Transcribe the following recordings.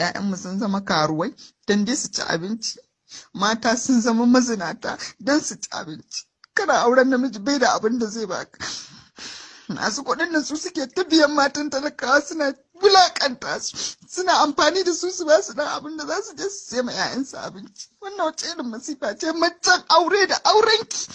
‘ya'yanmu sun zama karuwai don dai su ci abinci mata sun zama mazinata don su ci abinci kana auren namiji bai da abin da zai baka masu kuɗin nan su suke ta biyan matan talakawa suna wulaƙanta su suna amfani da su su ba su dan abin da za su je su sai ma 'ya'yansu abinci wannan wace irin masifa ce macen aure da aurenki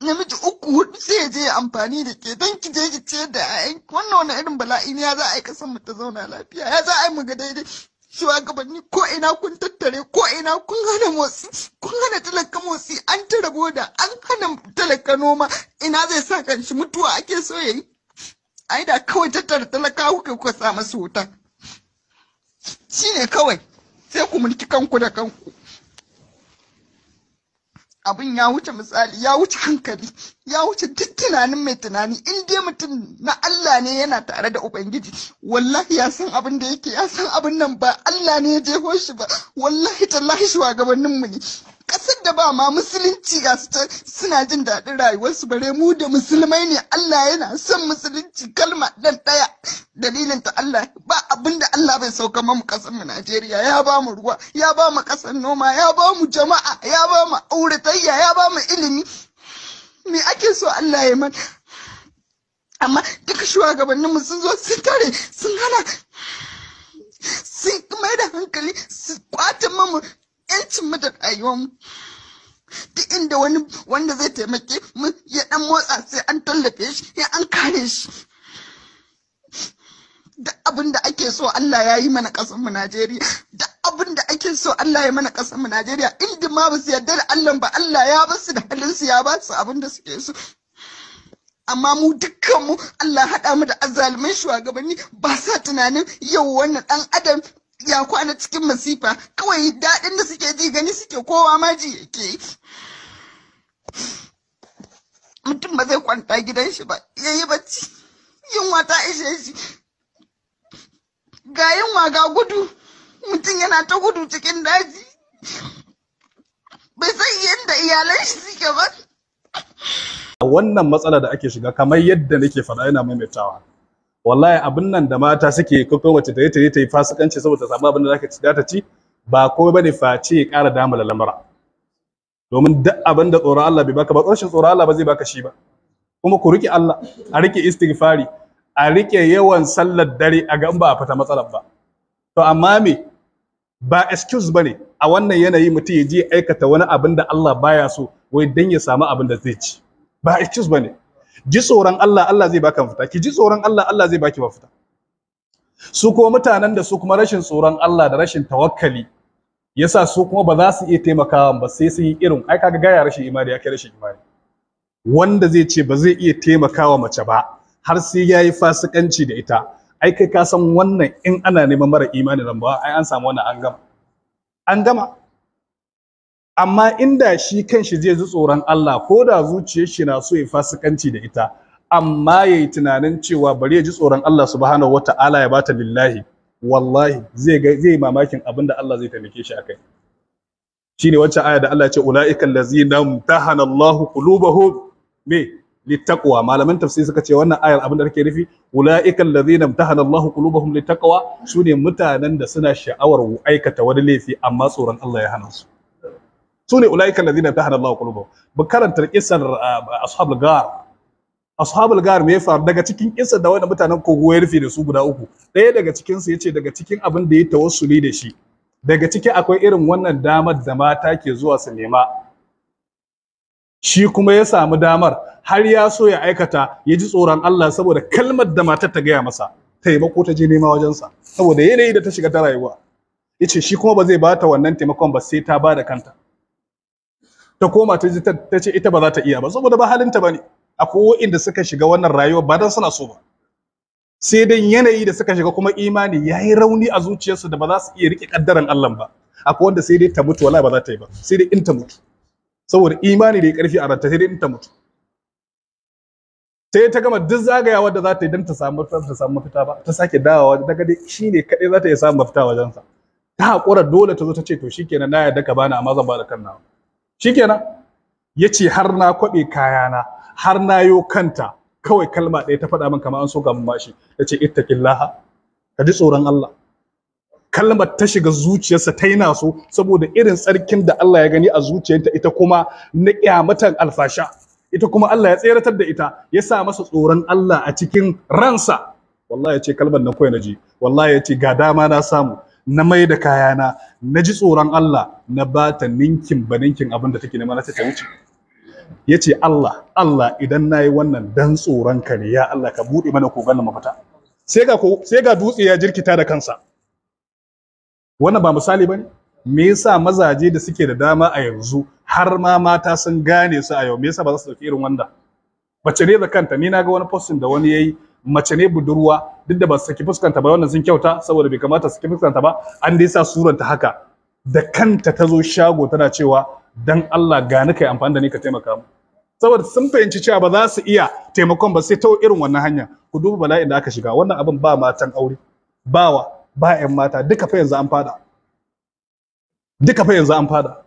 namiji uku hudu sai ya je amfani da ke don ki je ki ciyar da ƴaƴan wannan wani irin bala'i ne ya za a yi kasan mu ta zauna lafiya ya za a yi mu ga daidai shugabanni ko ina kun tattare ko ina kun hana motsi kun hana talaka motsi an ta rabo an hana talaka noma ina zai sa kanshi mutuwa ake so ya yi? ai da kawai tattara talaka kuka kuka sa masu wuta shine kawai sai ku mulki kanku da kanku abin ya wuce misali ya wuce hankali ya wuce duk tunanin mai tunani in dai mutum na Allah ne yana tare da ubangiji wallahi ya san abin da yake ya san abin nan ba Allah ne ya jeho shi ba wallahi tallahi gabaninmu ne kasar da ba ma musulunci ga su suna jin daɗin rayuwarsu bare mu da musulmai ne Allah yana son musulunci kalma dan ɗaya dalilin ta Allah ba abin da Allah bai sauka mu kasar mu Najeriya ya ba mu ruwa ya ba mu ƙasar noma ya ba mu jama'a ya ba mu auratayya ya ba mu ilimi me ake so Allah ya mana amma duka mu sun zo sun tare sun hana sun mai da hankali su kwata mamu yancin mu da rayuwar duk inda wani wanda zai taimake mu ya dan motsa sai an tallafe shi ya an kare shi Da abin da ake so Allah ya yi mana ƙasar mu Najeriya Da abin da ake so Allah ya mana ƙasar mu Najeriya inda ma ba su yarda da Allah ba Allah ya ba su da halin su ya ba su abin da suke so amma mu dukkan mu Allah haɗa mu da azzalumin shugabanni ba sa tunanin yau wannan ɗan adam ya kwana cikin masifa kawai daɗin da suke ji gani suke kowa ma ji yake mutum ba zai kwanta gidan shi ba ya yi bacci yunwa ta ishe shi ga yunwa ga gudu mutum yana ta gudu cikin daji bai san yadda iyalan shi suke ba wannan matsala da ake shiga kamar yadda nake faɗa yana maimaitawa wallahi abin nan da mata suke kokon wacce ta yi ta yi ta yi fasikanci saboda samu abin da za ta ci ba ko bane face ya ƙara da lamura domin duk abin da tsoron Allah bai baka ba tsoron tsoron Allah ba zai baka shi ba kuma ku rike Allah a rike istighfari a rike yawan sallar dare a ga ba a fata matsalar ba to amma me ba excuse bane a wannan yanayi mutum ya je aikata wani abin da Allah baya so wai dan ya samu abin da zai ci ba excuse bane ji tsoron Allah Allah zai baka mafita ki ji tsoron Allah Allah zai baki mafita su ko mutanen da su kuma rashin tsoron Allah da rashin tawakkali yasa su kuma ba za su iya taimakawa ba sai sun yi irin ai kaga gaya rashin imani ya kai rashin imani wanda zai ce ba zai iya taimakawa mace ba har sai yayi fasikanci da ita ai kai ka san wannan in ana neman mara imani nan ba ai an samu wannan an gama an gama amma inda shi kanshi zai ji tsoron Allah ko da zuciyar shi na so ya fasikanci da ita amma yayi tunanin cewa bari ya ji tsoron Allah subhanahu wata'ala ya bata lillahi wallahi zai ga mamakin abin da Allah zai taimake shi akai shine wacce aya da Allah ya ce ulaika allazina imtahana Allahu qulubahum me littaqwa malaman tafsiri suka ce wannan ayar abin da take nufi ulaika allazina tahanallahu Allahu litakwa, littaqwa sune mutanen da suna sha'awar aikata wani laifi amma tsoron Allah ya hana su su ne alladhina tahada Allah kulubu bu karanta kisan uh, ashabul gar ashabul gar me faru daga cikin kisa da wani mutanen kogo ya rufe da su guda uku daya daga cikin su yace daga cikin abin da ya tawassuli da shi daga ciki akwai irin wannan damar da mata ke zuwa su nema shi kuma ya samu damar har ya so ya aikata ya ji tsoron Allah saboda kalmar da matar ta gaya masa taimako ta je nema wajensa saboda yanayi da ta shiga ta rayuwa yace shi kuma ba zai bata wannan taimakon ba sai ta bada kanta ta koma ta ji ta ce ita ba za ta iya ba saboda ba halinta bane akwai wa'inda suka shiga wannan rayuwa ba dan suna so ba sai dan yanayi da suka shiga kuma imani yayi rauni a zuciyarsu da ba za su iya rike kaddaran Allah ba akwai wanda sai dai ta mutu wallahi ba za ta yi ba sai dai in ta mutu saboda imani da ya karfi a ranta sai dai in ta mutu sai ta gama duk zagayawa da za ta yi don ta samu ta samu mafita ba ta sake dawowa daga dai shine kadai za ta iya samu mafita wajensa ta haƙura dole ta zo ta ce to shikenan na yarda ka bani amma zan ba da kan nawa shikenan yace har na kwaɓe kayana har na yo kanta kawai kalma ɗaya ta faɗa min kamar an so ga mun bashi yace ittaqillaha ka ji tsoron Allah kalmar ta shiga zuciyarsa ta so saboda irin tsarkin da Allah ya gani a zuciyarta ita kuma na kyamatan alfasha ita kuma Allah ya tseratar da ita ya sa masa tsoron Allah a cikin ransa wallahi ya ce kalmar na kawai na ji wallahi ya ce ga dama na samu na mai da kayana na ji tsoron Allah na ba ta ninkin ba ninkin abin da take nema na ta wuce ya ce Allah Allah idan nayi wannan dan tsoron ka ne ya Allah ka buɗe mana kogon na mafita sai ga sai ga dutse ya jirkita da kansa wannan ba misali bane me yasa mazaje da suke da dama a yanzu har ma mata sun gane su a yau me yasa ba za su dauki irin wanda bace ne da kanta ni na ga wani posting da wani yayi mace ne budurwa duk da ba su saki fuskanta ba wannan sun kyauta saboda bai kamata su saki fuskanta ba an dai sa suranta haka da kanta ta zo shago tana cewa dan Allah ga ni kai amfani da ni ka taimaka mu saboda sun fahimci cewa ba za su iya taimakon ba sai ta irin wannan hanya ku duba bala'in da aka shiga wannan abin ba matan aure bawa ba ƴan mata duka fa yanzu an fada duka fa yanzu an fada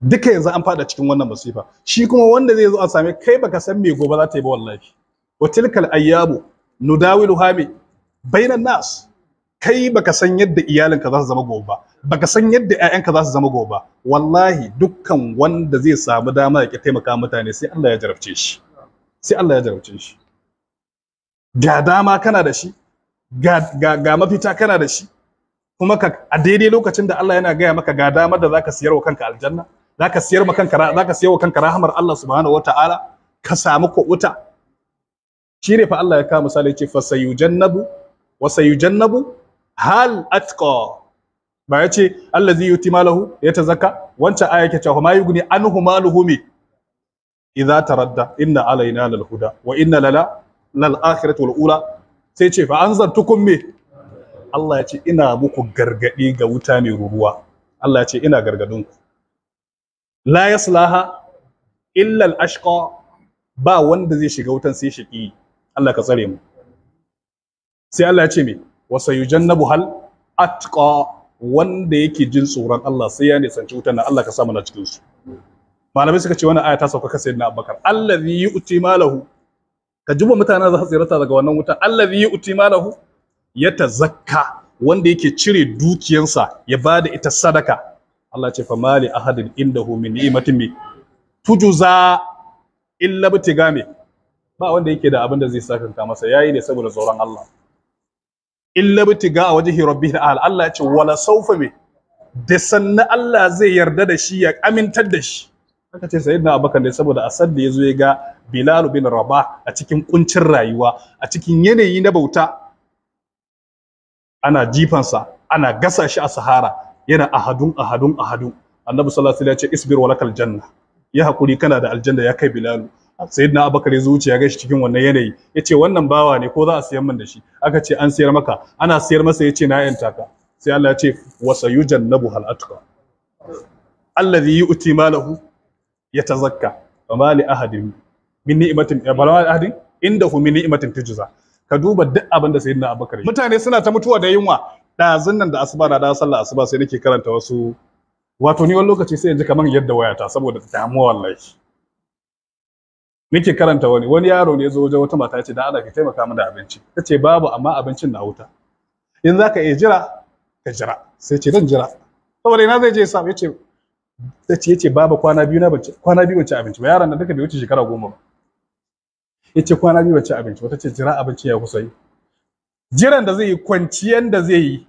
duka yanzu an fada cikin wannan masifa shi kuma wanda zai zo a same kai baka san me gobe za ta yi ba wallahi wa tilkal ayyamu nudawilu hami bainan nas kai baka san yadda iyalinka za su zama gobe ba baka san yadda ƴaƴanka za su zama gobe ba wallahi dukkan wanda zai samu dama ya taimaka mutane sai Allah ya jarabce shi sai Allah ya jarabce shi ga dama kana da shi ga, mafita kana da shi kuma ka a daidai lokacin da Allah yana gaya maka ga damar da zaka siyar wa kanka aljanna zaka siyar kanka zaka siyar wa kanka rahamar Allah subhanahu wataala ka samu kuɓuta ne fa Allah ya kawo misali ya ce fa sayujannabu wa sayujannabu hal atqa ba ya ce allazi yuti malahu ya tazakka wancan aya yake cewa ma yugni anhu maluhu mi idza taradda inna alaina lal huda wa inna lala lal akhirati wal ula sai ce fa anzartukum me Allah ya ce ina muku gargadi ga wuta mai ruruwa Allah ya ce ina gargadin ku la yaslaha illa al ashqa ba wanda zai shiga wutan sai shiqi Allah ka tsare mu sai Allah ya ce me wasa yujannabu hal atqa wanda yake jin tsoron Allah sai ya nisanci wutan nan Allah ka sa mana cikin su malamai suka ce wannan aya ta sauka sai na Abubakar allazi yu'ti malahu ka juba mutane za su ta daga wannan wuta allazi yu'ti malahu yatazakka wanda yake cire dukiyansa ya bada ita sadaka Allah ce fa mali ahadin indahu min ni'matin mi tujuza illa bitigami ba wanda yake da abin da zai sakanka masa yayi ne saboda tsoron Allah illa bitiga a wajhi rabbih al Allah ya ce wala sawfa bi da sanna Allah zai yarda da shi ya amintar da shi haka ce sayyidina abakan ne saboda asad da yazo ya ga Bilal bin Rabah a cikin kuncin rayuwa a cikin yanayi na bauta ana jifansa ana gasa shi a sahara yana ahadun ahadun ahadun annabi sallallahu alaihi wasallam ya ce isbir walakal janna ya hakuri kana da aljanna ya kai Bilal sayyidina abubakar ya ya gashi cikin wannan yanayi yace wannan bawa ne ko za a siyar min da shi aka ce an siyar maka ana siyar masa yace na yanta ka sai Allah ya ce wa sayujannabu hal atqa alladhi yu'ti malahu yatazakka wa ma li ahadin min ni'matin balama eh, ahadin hu min ni'matin tujza ka duba duk abin da sayyidina abubakar mutane suna ta mutuwa da yunwa ɗazun nan da asuba na da sallah asuba sai nake karanta wasu wato ni wani lokaci sai yanzu kamar yadda wayata saboda damuwa wallahi muke karanta wani wani yaro ne ya zo wajen wata mata ce da Allah ka taimaka mu da abinci tace babu amma abincin na wuta in zaka iya jira ka jira sai ce dan jira saboda ina zai je ya sa yace tace yace babu kwana biyu na bace kwana biyu bace abinci ba yaron nan duka bai wuce shekara goma ba yace kwana biyu bace abinci wata ce jira abinci ya kusa yi jiran da zai yi kwanciyan da zai yi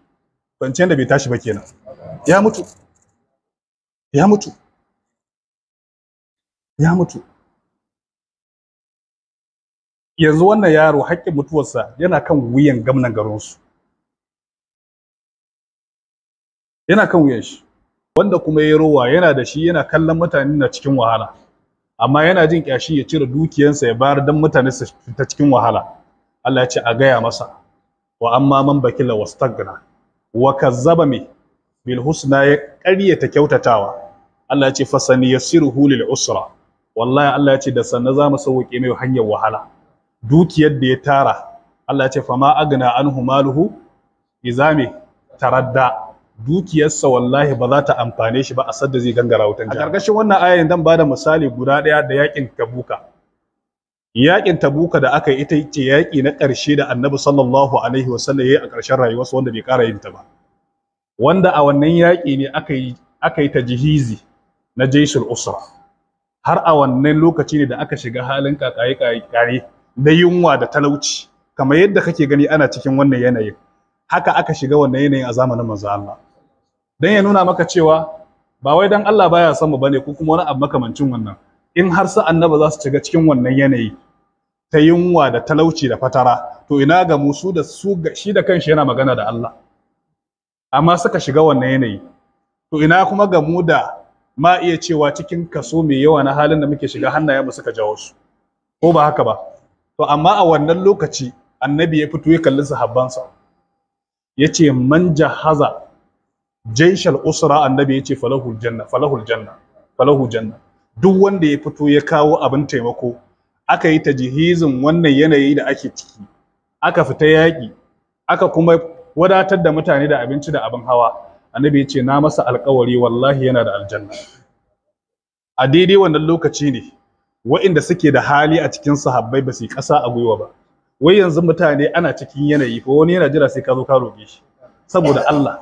kwanciyan da bai tashi ba kenan ya mutu ya mutu ya mutu yanzu wannan yaro haƙƙin mutuwarsa yana kan wuyan gamnan garinsu yana kan wuyan shi wanda kuma ya rowa yana da shi yana kallon mutane na cikin wahala amma yana jin ƙyashi ya cire dukiyansa ya bayar don mutane su fita cikin wahala Allah ya ce a gaya masa wa amma man bakila wastagna wa kazzaba mi bil husna ya ƙaryata kyautatawa Allah ya ce fasani yasiruhu lil usra wallahi Allah ya ce da sanna za mu sauke mai hanyar wahala dukiyar da ya tara Allah ya ce fama agna anhu maluhu izame taradda dukiyarsa wallahi ba za ta amfane shi ba a sadda zai gangara wutan jihar. A ƙarƙashin wannan ayan zan da misali guda ɗaya da yakin Tabuka. Yaƙin Tabuka da aka yi ita ce yaki na karshe da Annabi sallallahu alaihi wa sallam yayi a ƙarshen rayuwarsa wanda bai ƙara yin ta ba. Wanda a wannan yaƙi ne aka yi aka yi na Jaisul Usra. Har a wannan lokaci ne da aka shiga halin kakaye kakaye na yunwa da talauci kamar yadda kake gani ana cikin wannan yanayin haka aka shiga wannan yanayin a zamanin manzo Allah dan ya nuna maka cewa ba wai dan Allah baya son mu bane ko kuma wani abu makamancin wannan in har sa annaba za su shiga cikin wannan yanayi ta yunwa da talauci da fatara to ina ga mu da su shi da kanshi yana magana da Allah amma suka shiga wannan yanayi to ina kuma ga mu da ma iya cewa cikin kaso mai yawa na halin da muke shiga hannayen mu suka jawo su ko ba haka ba to amma a wannan lokaci annabi ya fito ya kalli sahabbansa ya ce man jahaza jaishal usra annabi ya ce falahul janna falahul janna falahul janna duk wanda ya fito ya kawo abin taimako aka yi tajihizin wannan yanayi da ake ciki aka fita yaƙi aka kuma wadatar da mutane da abinci da abin hawa annabi ya ce na masa alƙawari wallahi yana da aljanna a daidai wannan lokaci ne wa'inda suke da hali a cikin sahabbai ba su ƙasa a gwiwa ba wai yanzu mutane ana cikin yanayi ko wani yana jira sai ka zo ka roƙe shi saboda Allah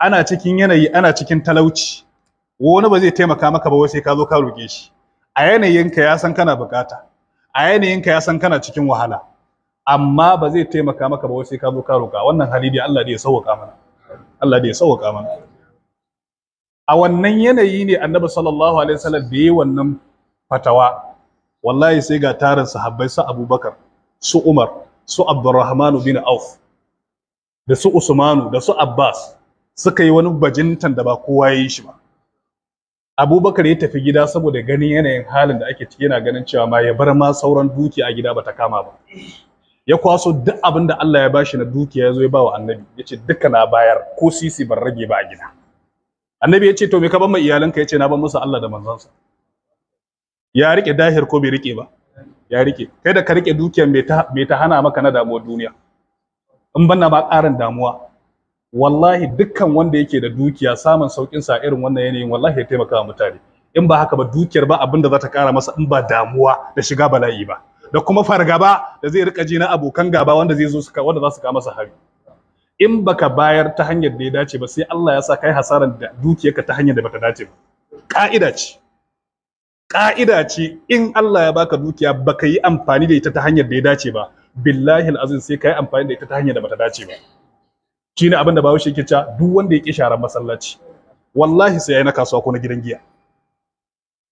ana cikin yanayi ana cikin talauci wani ba zai taimaka maka ba sai ka zo ka roƙe shi a yanayinka ya san kana bukata a yanayinka ya san kana cikin wahala amma ba zai taimaka maka ba sai ka zo ka roƙa wannan hali dai Allah da ya sauƙa mana Allah da ya sauƙa mana a wannan yanayi ne annabi sallallahu alaihi wasallam da yi wannan fatawa wallahi sai ga tarin sahabbai su abubakar su umar su abdurrahmanu bin auf da su usmanu da su abbas suka yi wani bajintan da ba kowa ya yi shi ba abubakar ya tafi gida saboda ganin yanayin halin da ake ciki yana ganin cewa ma ya bar ma sauran dukiya a gida ba ta kama ba ya kwaso duk abin da Allah ya bashi na dukiya ya zo ya ba wa annabi ya ce duka na bayar ko sisi ban rage ba a gida annabi ya ce to me ka ban ma iyalanka ya ce na ban musu Allah da manzansa ya rike dahir ko bai rike ba ya rike kai da ka rike dukiyar mai ta hana maka na damuwa duniya in banna ba ƙarin damuwa wallahi dukkan wanda yake da dukiya samun saukin sa irin wannan yanayin wallahi ya taimaka wa mutane in ba haka ba dukiyar ba abinda za ta ƙara masa in ba damuwa da shiga bala'i ba da kuma fargaba da zai rika ji na abokan gaba wanda zai zo su wanda za su kawo masa hari in baka bayar ta hanyar da ya dace ba sai Allah ya sa kai hasaran da dukiyarka ta hanyar da bata dace ba ka'ida ce Ka'ida ce in Allah ya baka dukiya baka yi amfani da ita ta hanyar da ya dace ba billahi alazim sai ka yi amfani da ita ta hanyar da bata dace ba shine abin da Bahaushe yake cewa duk wanda ya sharar masallaci wallahi sai yayi na kasuwa ko na gidan giya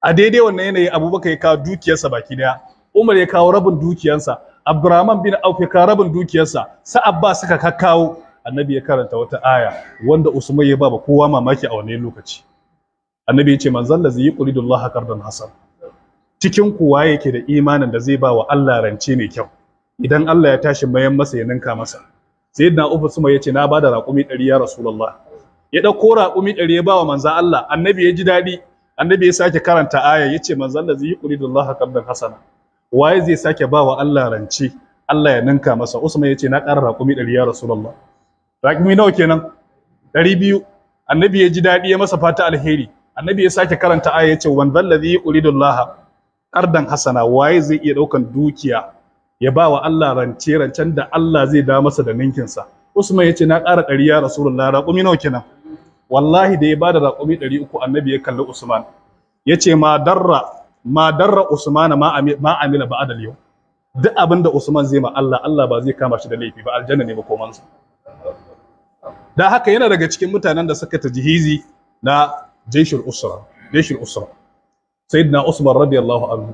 a daidai wannan yanayi Abubakar ya kawo dukiyarsa baki daya Umar ya kawo rabin dukiyarsa Abdurrahman bin Auf ya kawo rabin dukiyarsa Sa Abbas suka kakkawo Annabi ya karanta wata aya wanda Usman ya ba kowa mamaki a wannan lokaci annabi ce, man zalla zai yuridu Allah qardan hasan cikin kuwa yake da imanin da zai ba wa Allah rance mai kyau idan Allah ya tashi mayan masa ya ninka masa sayyidina Ufu Suma ce, na bada raƙumi 100 ya rasulullah ya ɗauko raƙumi 100 ya ba wa manzon Allah annabi ya ji dadi annabi ya sake karanta aya yace man zalla zai yuridu Allah qardan hasana waye zai sake ba wa Allah rance Allah ya ninka masa Usman ce na ƙara raƙumi 100 ya rasulullah raƙumi nawa kenan Ɗari biyu. annabi ya ji daɗi, ya masa fata alheri annabi ya sake karanta aya yace wan zallazi uridu Allah ardan hasana waye zai iya daukan dukiya ya ba wa Allah rance rancen da Allah zai da masa da ninkin sa Usman yace na ƙara ɗari ya Rasulullah raƙumi nawa kenan wallahi da ya bada raƙumi ɗari uku annabi ya kalli Usman yace ma darra ma darra Usman ma amila adal yau duk abin da Usman zai ma Allah Allah ba zai kama shi da laifi ba aljanna ne makomansa da haka yana daga cikin mutanen da suka tajihizi na jaishul usra jaishul usra sayyidina usman radiyallahu anhu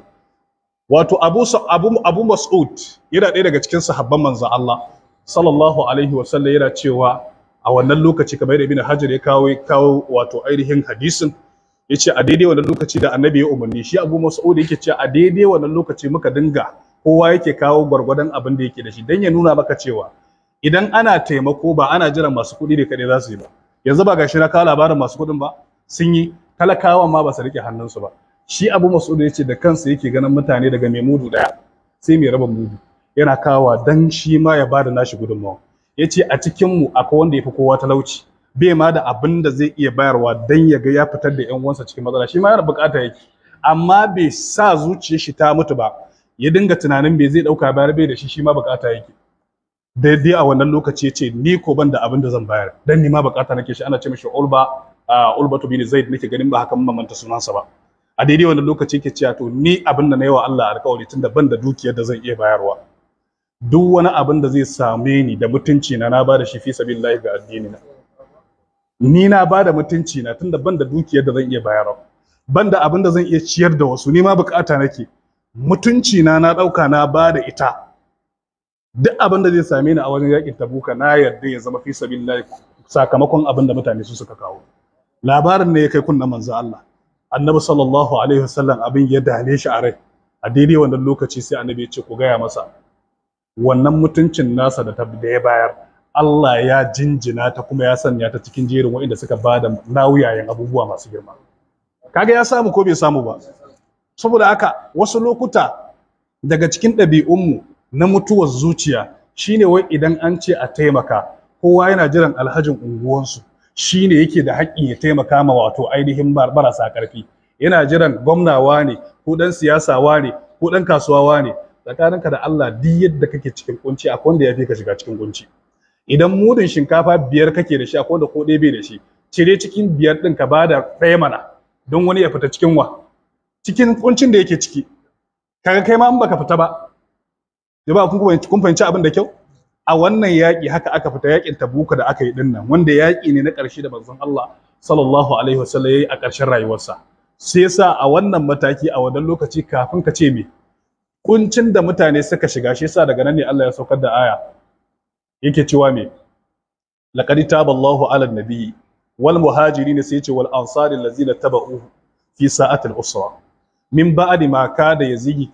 wato abu abu abu mas'ud yana ɗaya daga cikin sahabban manzon Allah sallallahu alaihi wa sallam yana cewa a wannan lokaci kamar ibn hajar ya kawo kawo ainihin hadisin yace a daidai wannan lokaci da annabi ya umarni shi abu mas'ud yake cewa a daidai wannan lokaci muka dinga kowa yake kawo gwargwadon abin da yake da shi dan ya nuna maka cewa idan ana taimako ba ana jiran masu kuɗi ne kaɗai za su yi ba yanzu ba gashi na kawo labarin masu kuɗin ba sun yi talakawan ma ba su rike hannunsu ba shi abu Mas'udu ya ce da kansa yake ganin mutane daga mai mudu daya sai mai raba mudu yana kawa dan shi ma ya bada nashi gudunmawa ya ce a cikin mu akwai wanda ya fi kowa talauci bai ma da abin da zai iya bayarwa dan ya ga ya fitar da yan uwansa cikin matsala shi ma yana bukata yake amma bai sa zuciyar shi ta mutu ba ya dinga tunanin bai zai dauka bayar bai da shi shi ma bukata yake daidai a wannan lokaci ya ce ni ko ban da abin da zan bayar dan ni ma bukata nake shi ana ce mishi ulba Ulbatu bin Zaid nake ganin ba hakan mamanta sunansa ba a daidai wannan lokaci yake cewa to ni abin da na yi wa Allah alƙawari tun da ban da dukiyar da zan iya bayarwa duk wani abin da zai same ni da mutunci na na bada shi fi sabilillahi ga addini na ni na bada mutunci na tun da ban da dukiyar da zan iya bayarwa ban da abin da zan iya ciyar da wasu ni ma bukata nake mutunci na na ɗauka na bada ita duk abin da zai same ni a wajen yakin tabuka na yarda ya zama fi sabilillahi sakamakon abin da mutane su suka kawo labarin ne ya kai kunna manzo Allah annabi sallallahu alaihi wasallam abin ya dale shi a rai a daidai wannan lokaci sai annabi ya ce ku gaya masa wannan mutuncin nasa da da ya bayar Allah ya jinjina ta kuma ya sanya ta cikin jerin wanda suka ba da nawuyayen abubuwa masu girma kaga ya samu ko bai samu ba saboda haka wasu lokuta daga cikin ɗabi'unmu na mutuwar zuciya shine wai idan an ce a taimaka kowa yana jiran alhajin unguwansu shine yake da haƙƙi ya taimaka ma wato ainihin barasa ƙarfi yana jiran gwamnawa ne ko dan siyasa ne ko dan kasuwa ne tsakaninka da Allah duk yadda kake cikin kunci akwai wanda ya fi ka shiga cikin kunci idan mudun shinkafa biyar kake da shi akwai wanda ko ɗaya bai da shi cire cikin biyar ɗin ka ba da ɗaya mana don wani ya fita cikin wa cikin kuncin da yake ciki kaga kai ma in baka fita ba ya ba kun fahimci abin da kyau a wannan yaƙi haka aka fita yaƙin tabuka da aka yi din nan wanda yaƙi ne na ƙarshe da manzon Allah sallallahu alaihi wasallam yayi a ƙarshen rayuwarsa sai yasa a wannan mataki a wannan lokaci kafin ka ce me kuncin da mutane suka shiga shi yasa daga nan ne Allah ya saukar da aya yake cewa me laqad taballahu ala nabiyyi wal muhajirin sai ce wal ansari allazina tabauhu fi sa'atil usra min ba'di ma kada yazigi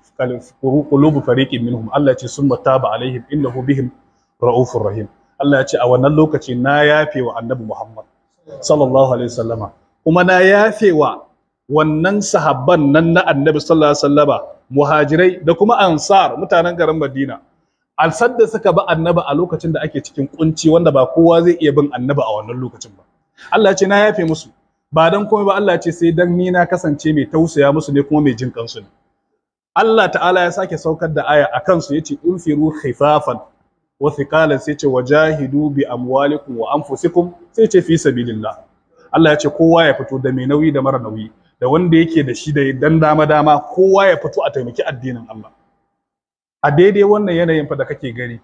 qulubu fariqin minhum Allah ya ce summa taba alaihim innahu bihim ra'ufur rahim Allah ya ce a wannan lokaci na yafe wa annabi Muhammad sallallahu alaihi wasallama kuma na yafe wa wannan sahabban nan na annabi sallallahu alaihi wasallama muhajirai da kuma ansar mutanen garin Madina alsar da suka ba annabi a lokacin da ake cikin kunci wanda ba kowa zai iya bin annabi a wannan lokacin ba Allah ya ce na yafe musu ba dan komai ba Allah ya ce sai dan ni na kasance mai tausaya musu ne kuma mai jin kansu ne Allah ta'ala ya sake saukar da aya a kansu ya yace infiru khifafan Wasu thiqalan sai ce wajahidu bi amwalikum wa anfusikum sai ce fi sabilillah Allah ya ce kowa ya fito da mai nauyi da mara nauyi da wanda yake da shi da dan dama dama kowa ya fito a taimaki addinin Allah a daidai wannan yanayin fa da kake gani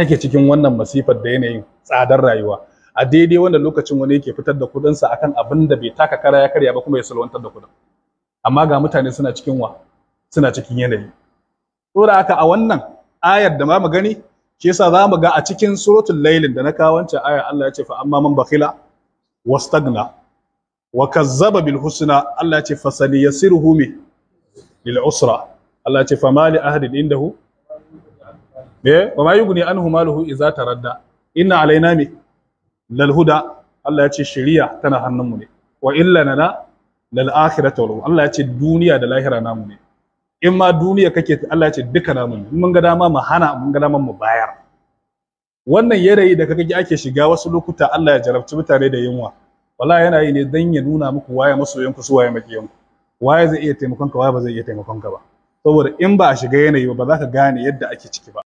kake cikin wannan masifar da yanayin tsadar rayuwa a daidai wanda lokacin wani yake fitar da kudinsa akan abin da bai taka kara ya karya ba kuma ya salwantar da kudin amma ga mutane suna cikin wa suna cikin yanayi saboda haka a wannan ayar da ma mu gani shi yasa za mu ga a cikin suratul lailin da na kawo wancan aya Allah ya ce fa amma man bakhila wastagna wa kazzaba bil husna Allah ya ce fa yasiruhu mi lil usra Allah ya ce fa mali ahadin indahu me wa ma yughni anhu maluhu idza taradda inna alaina mi lal huda Allah ya ce shari'a tana hannunmu ne wa illa lana lal akhirati wa Allah ya ce duniya da lahira namu ne in ma duniya kake Allah ya ce duka namu mun ga dama mu hana mun ga dama mu bayar wannan yanayi da kaga ake shiga wasu lokuta Allah ya jarabci mutane da yunwa wallahi yana yi ne dan ya nuna muku waye masoyanku su waye makiyanku waye zai iya taimakon ka waye ba zai iya taimakon ka ba saboda in ba a shiga yanayi ba ba za ka gane yadda ake ciki ba